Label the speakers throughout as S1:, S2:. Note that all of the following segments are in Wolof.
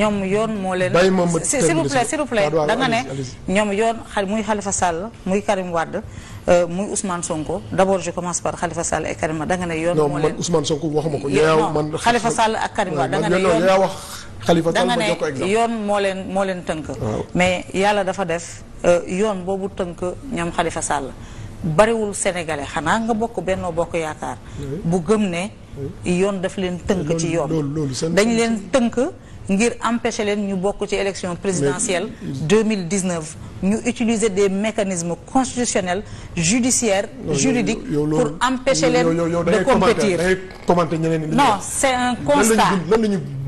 S1: ñoom yoon moo leen. da nga ne ñoom yoon xali muy Khalifa Sall muy Karim Wade euh, muy Ousmane Sonko d'abord je commence moo leen non man Ousmane Sonko waxuma yoon yaa wax. Khalifa Sall ma jox ko exemple da nga tënk. mais yàlla dafa def euh, yoon boobu tënk ñoom Khalifa Sall. bariwul sénégalais xanaa nga bokk bennoo bokk yaakaar bu gëm ne yoon daf leen tënk ci yoon dañ leen tënk ngir empêcher leen ñu bokk ci élection présidentielle 2019 ñu utiliser des mécanismes constitutionnels judiciaires juridiques pour empêcher leen de compétir
S2: non c'est
S1: un constat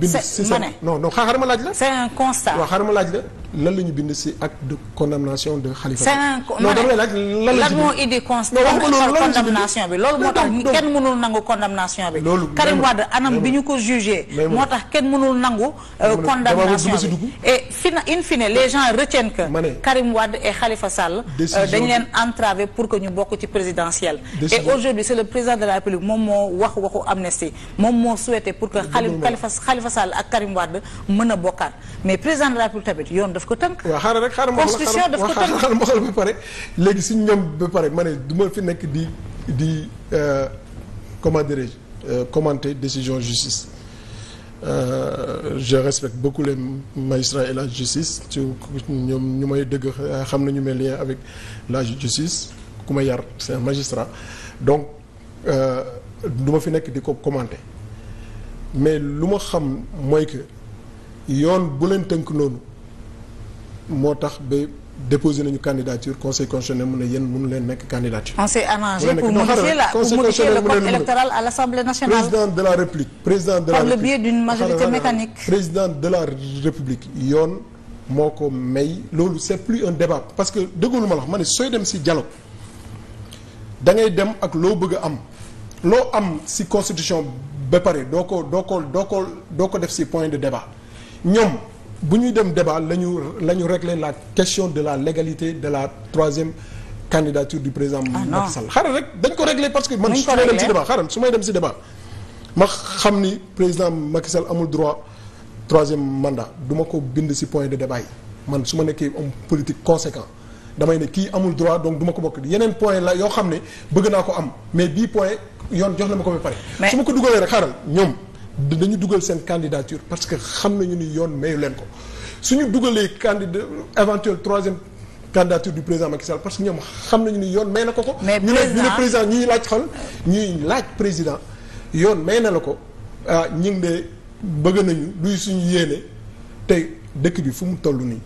S1: bind si sa non non xaaral
S2: ma laaj la. c'est un constat waaw xaaral ma laaj la. lan la bind si acte de condamnation de Khalifa. c'est un non dama lay laaj lan la. moo indi
S1: condamnation bi loolu moo tax kenn mënul nangu condamnation bi. Karim Wade anam bi ñu ko jugé. moo tax kenn mënul nangu. Euh, condamnation bi et fina in les gens retiennent que. Karim Wade et Khalifa Sall. Euh, dañ leen entravé pour que ñu bokk ci présidentielle. et aujourd'hui c'est le Khalifa ak Karim Wade mën a bokkaat mais président de la République yoon daf ko tënk. waaw xaaral rek xaaral ma constitution daf ko tënk xaaral ma ba pare
S2: léegi suñ ñoom ba pare ma ne du ma fi nekk di di euh, comment dirais-je euh, commenter décision justice. Euh, je respecte beaucoup les et la justice ci ñoom ñu may dëgg xam nañu mes liens avec la justice ku ma yar c'est un magistrat donc euh, du fi nekk di ko commenter mais lu ma xam mooy que yoon bu leen tënk noonu moo tax ba déposé nañu candidature conseil constitutionnel mu ne yéen mënu leen nekk candidature. on s'est arrangé pour modifier la pour modifier le code électoral
S1: à l'Assemblée nationale. président
S2: de la République de la. par le biais d'une majorité mécanique. président de la République yoon moo ko may loolu c'est plus un débat parce que dëggulu ma la wax ma ne sooy dem ci dialogue da ngay dem ak loo bëgg a am loo am ci constitution. ba pare doo ko doo ko doo ko def si point de débat ñoom bu ñuy dem débat la ñu la ñu régler la question de la légalité de la troisième candidature du président ah, Macky Sall xaaral rek dañ ko régler parce que man su may dem ci débat su may dem ci débat ma xam ni président Macky Sall amul droit troisième mandat du ma ko bind si point de débat yi man su ma nekkee politique conséquent damay ne kii amul droit donc duma ko bokk yeneen point la yoo xam ne bëgg naa ko am mais bii point yoon jox na ma ko ba pare. su ma ko dugalee rek xaaral ñoom dañu dugal seen candidature parce que xam nañu ni yoon mayu leen ko suñu dugalee candidat éventuel troisième candidature du président Macky Sall parce que ñoom xam nañu ni yoon may na ko ko. mais ñu ne ñu président ñuy laaj xol ñuy laaj président yoon may na la ko ah ñu ngi de bëgg nañu luy suñu yéene tey dëkk bi fu mu toll nii.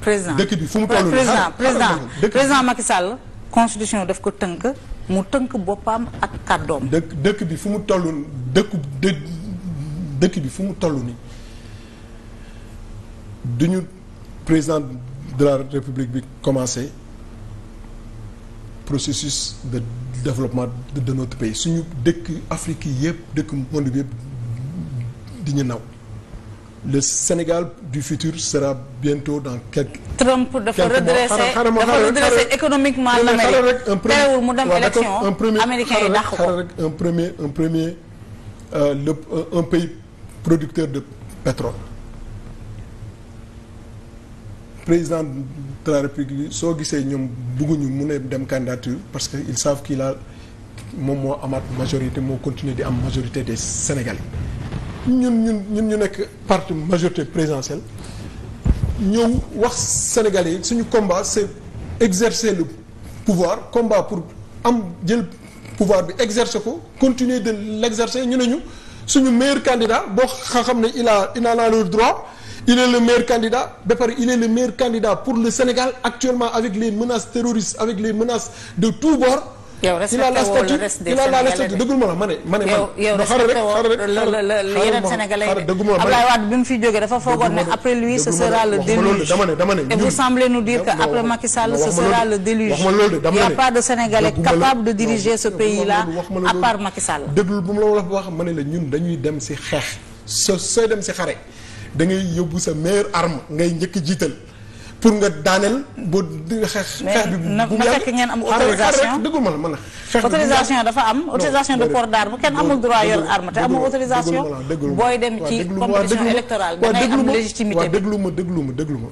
S1: président dëkk bi fu mu toll nii président président Macky Sall constitution daf ko tënk. mu tënk boppam ak kàddoom. dëkk dëkk bi fu mu toll dëkk dëkk bi fu mu toll ni
S2: duñu président de la république bi commencé processus de développement de notre pays suñu dëkk Afrique yëpp dëkk monde bi yëpp di ñu naw. le Sénégal du futur sera bientôt dans quelques.
S1: Trump dafa redresser dafa redresser économiquement l'Amérique teewul mu dem élection américain yi dàq ko rek
S2: un premier euh, un pays producteur de pétrole. président de la République soo gisee ñoom bëgguñu mun a dem candidature parce que il savent kii a moom moo amaat majorité moo continuer di am majorité des Sénégalais. ñun ñun ñun ñu nekk parti majorité présidentielle ñëw wax Sénégalais yi suñu combat c'est exercer le pouvoir combat pour am jël pouvoir bi exercer ko continuer de l'exercer ñu ne ñu suñu meilleur candidat boo xam ne il a il en a le droit il est le meilleur candidat ba pare il est le meilleur candidat pour le Sénégal actuellement avec les menaces terroristes avec les menaces de tous bords yow respecté woo le reste dëggul
S1: ma la ma ne ma ne man. yow respecté woo yeneen Sénégalais de eh. Abdoulaye Wade bi mu fi jógee dafa foogoon ne après lui ce sera ma loolu de dama ne y a pas de Sénégalais capable de diriger ce pays là à part Macky Sall.
S2: dëggul bu mu la wax ma ne la ñun dañuy dem si xeex soo sooy dem si xare da ngay yóbbu sa meilleure arme ngay njëkk jiital. pour nga daaneel boo
S1: xeex bi. bu yàgg na fekk ngeen am autorisation dëgguma la man xeex autorisation dafa am autorisation de port d'arme kenn amul droit yor arme te amul autorisation booy dem ci compétition électorale da ngay am légitimité déglu ma déglu ma déglu ma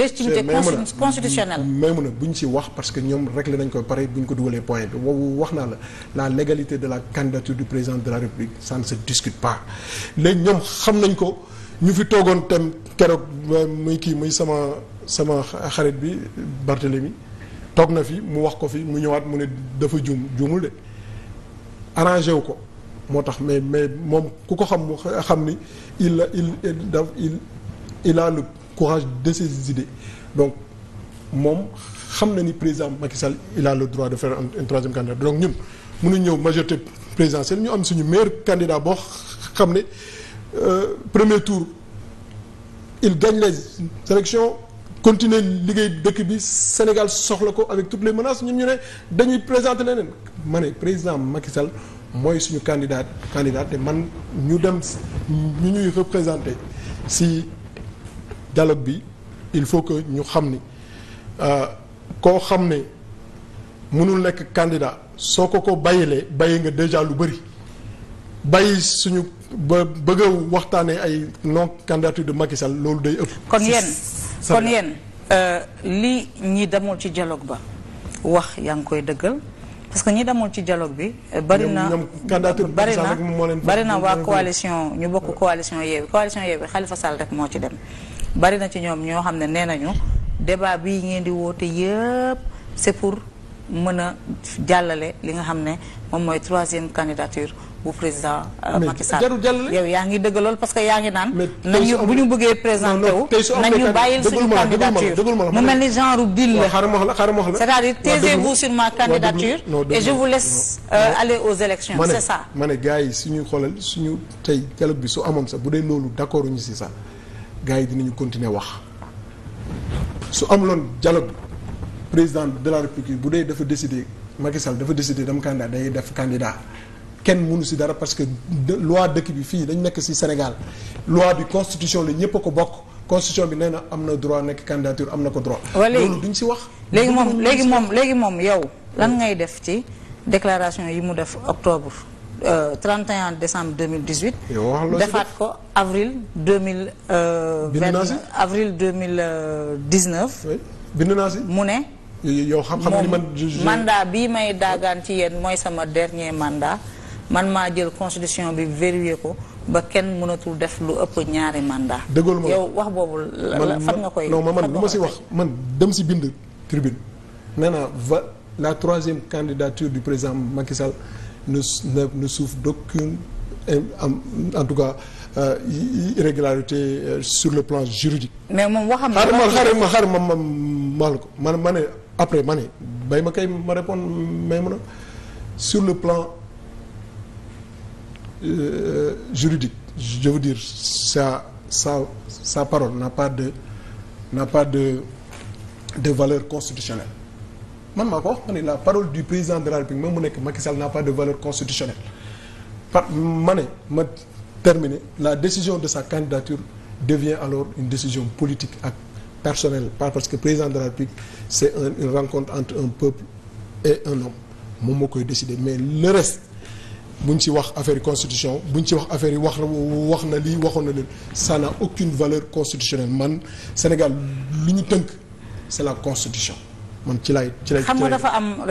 S1: légitimité may mun
S2: a bu ñu si wax parce que ñoom réglé nañ ko pare bu ñu ko dugalee point bi woowu wax naa la la légalité de la candidature du président de la république ça ne se discute pas léegi nañ ko ñu fi toogoon tam keroog euh, muy kii muy sama sama xarit bi Barthélemy toog na fi mu wax ko fi mu ñëwaat mu ne dafa juum juumul de arrangé wu ko moo tax mais mais moom ku ko xam mu xam ni il a il il il a le courage de ses idées donc moom xam na ni président Macky Sall il a le droit de faire un troisième candidat donc ñun mënu ñëw majorité présidentielle ñu am suñu maire candidat boo xam ne euh, premier tour il gagne les élections continuer liggéey dëkk bi Sénégal soxla ko avec toutes les menaces ñun ñu ne dañuy présenter leneen ma ne président Macky Sall mooy suñu candidat candidat te man ñu dem ñu ñuy représenter si dialogue bi il faut que ñu xam ni euh, koo xam ne mënul nekk candidat soo ko ko bàyyilee bàyyi nga déjà lu bëri bàyyi suñu ba waxtaanee ay non candidature de Macky Sall loolu day ëpp.
S1: kon kon yéen euh, lii ñi demul ci jaloog ba wax yaa ngi koy dëggal parce que ñi demul ci jaloog bi euh, bari na bari na bari na waa coalition ñu bokk coalition Yewwi coalition Yewwi Khalifa Sall rek moo ci dem bari na ci ñoom ñoo xam ne nee nañu débat bii ngeen di woote yëpp c'est pour mën a jàllale li nga xam ne moom mooy troisième candidature bu président euh, Macky Sall yow yaa ngi dëgg lool parce que yaa ngi naan nañu bu ñu bëggee présenté wu nañu bàyyil suñu candidature mu mel ni genre deal la c'est-à-dire taisez-vous sur ma candidature et je vous laisse euh, aller aux élections c'est ça
S2: ma ne gars yi suñu xoolal suñu tey dialogue bi su amoon sax bu dee loolu d'accord ñu si sax gars yi dinañu continuer wax su am loolu dialogue président de la république bu dee dafa décider Macky Sall dafa décider dem candidat day def candidat kenn mënu si dara parce que loi dëkk bi fii dañ nekk si Sénégal loi bi constitution la ñëpp a ko bokk constitution bi nee na am na droit nekk candidature am na ko droit. loolu duñ si wax.
S1: léegi moom léegi moom léegi moom yow. lan hmm. ngay def ci déclaration yi mu def octobre. Euh, 31 décembre 2018. defaat ko avril 2000. Euh, bind naa si avril 2019. Euh, bind naa si mu ne. yow xam-xam ni man mandat bii may daagaan ci yéen mooy sama dernier mandat man maa jël constitution bi vérifié ko ba kenn mënatul def lu ëpp ñaari mandat dëggoon wax boobu la fan nga koy non man lu ma si wax
S2: man dem si bind tribune nee naa va la troisième candidature du président Macky Sall ne ne souffre d'aucune euh, en tout cas euh, irrégularité euh, sur le plan juridique.
S1: mais moom waxam xaaral ma xaaral
S2: ma ma ma ne. après ma ne bay ma kay ma répondre may mun a sur le plan euh, juridique je veux dire sa sa sa parole n'a pas de n'a pas de de valeur constitutionnelle man maa ko wax ma ne la parole du président de la République même mu nekk Macky Sall n'a pas de valeur constitutionnelle par ma ne ma terminer la décision de sa candidature devient alors une décision politique ak personnel pas parce que président de la République c'est une rencontre entre un peuple et un homme moom moo koy décider mais le reste buñ ci wax affaire constitution buñ ci wax affaire yi wax wax na lii waxoon na leen ça n'a aucune valeur constitutionnelle man Sénégal lu ñu tënk c'est la constitution man ci laay ci laay xam nga dafa
S1: am